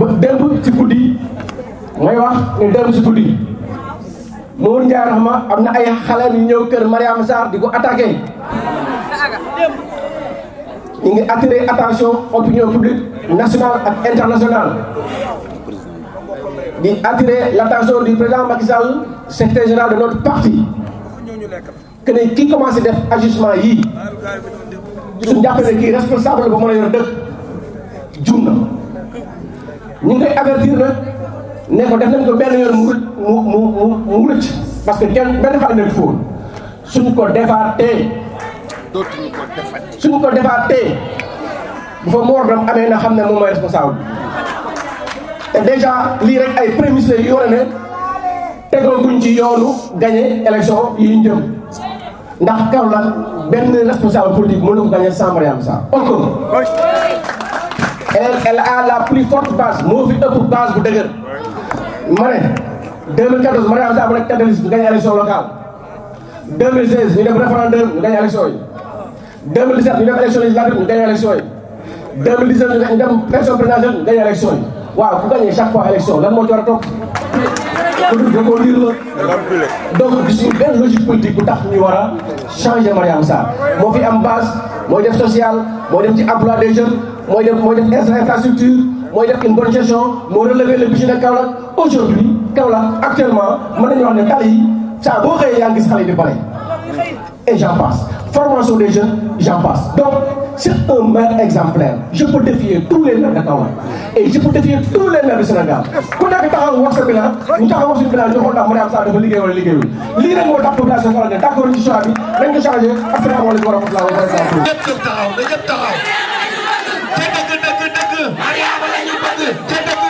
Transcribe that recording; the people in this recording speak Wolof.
bu démb ci guddi mooy wax ñu démb ci guddi Mour Ndiaye Rahma am na ay xale yu ñëw kër Mariama Sarr di ko attaqué ñu ngi attirer attention opinion publique nationale ak internationale di attirer l'attention du président Macky Sall secrétaire général de notre parti que ne kii commencé def ajustement yii suñu jàppee ne kii responsable ba mën a yor dëkk jum ñu ngi koy avertir na ne ko def nañ ko benn yoon mu mu mu mu rëcc parce que kenn benn fan lañ fóon suñ ko defaatee. dootuñu ko defaatee suñ ko defaatee bu fa moor dam amee na xam ne moom mooy responsable te déjà lii rek ay prémices la yoo ne tegooguñ ci yoonu gagné élection yi ñu jëm ndax Kaolack benn responsable politique mënu ko gagné sans Mariama Sarr elle elle a la plus forte base moo fi ëpp base bu dëgër. ma ne 2014 Mariama Sarr mu nekk tête de liste ñu gañ élection locale 2016 ñu def référendum ñu gañ élection yi lan moo ci war a topp. donc lii la donc suñu benn logique politique bu tax a changer Mariama Sarr moo fi am base mooy def social mooy dem ci emploi des jeunes. moy def moy def infrastructure moy def une bonne gestion moo relever le budget de Kaolack aujourd'hui Kaolack actuellement mën nañu wax ne tali yi saa boo xëyee yaa ngi gis xale bi bare et j'en passe formation des jeunes j'en passe donc c'est un maire exemplaire je peux défier tous les maires de Kaolack et je peux défier tous les maires du Sénégal ku nekk taxaw wax sa bilan ñu taxaw wax suñu bilan ñu xool ndax Mariam Sarr dafa liggéey wala liggéeyul lii rek moo tax population Kaolack ne d'accord ci choix bi nañ ko changé asalaamaaleykum wa rahmatulah wa barakatuh ñëpp taxaw na ñëpp taxaw Mariama la ñu bëgg te dëgg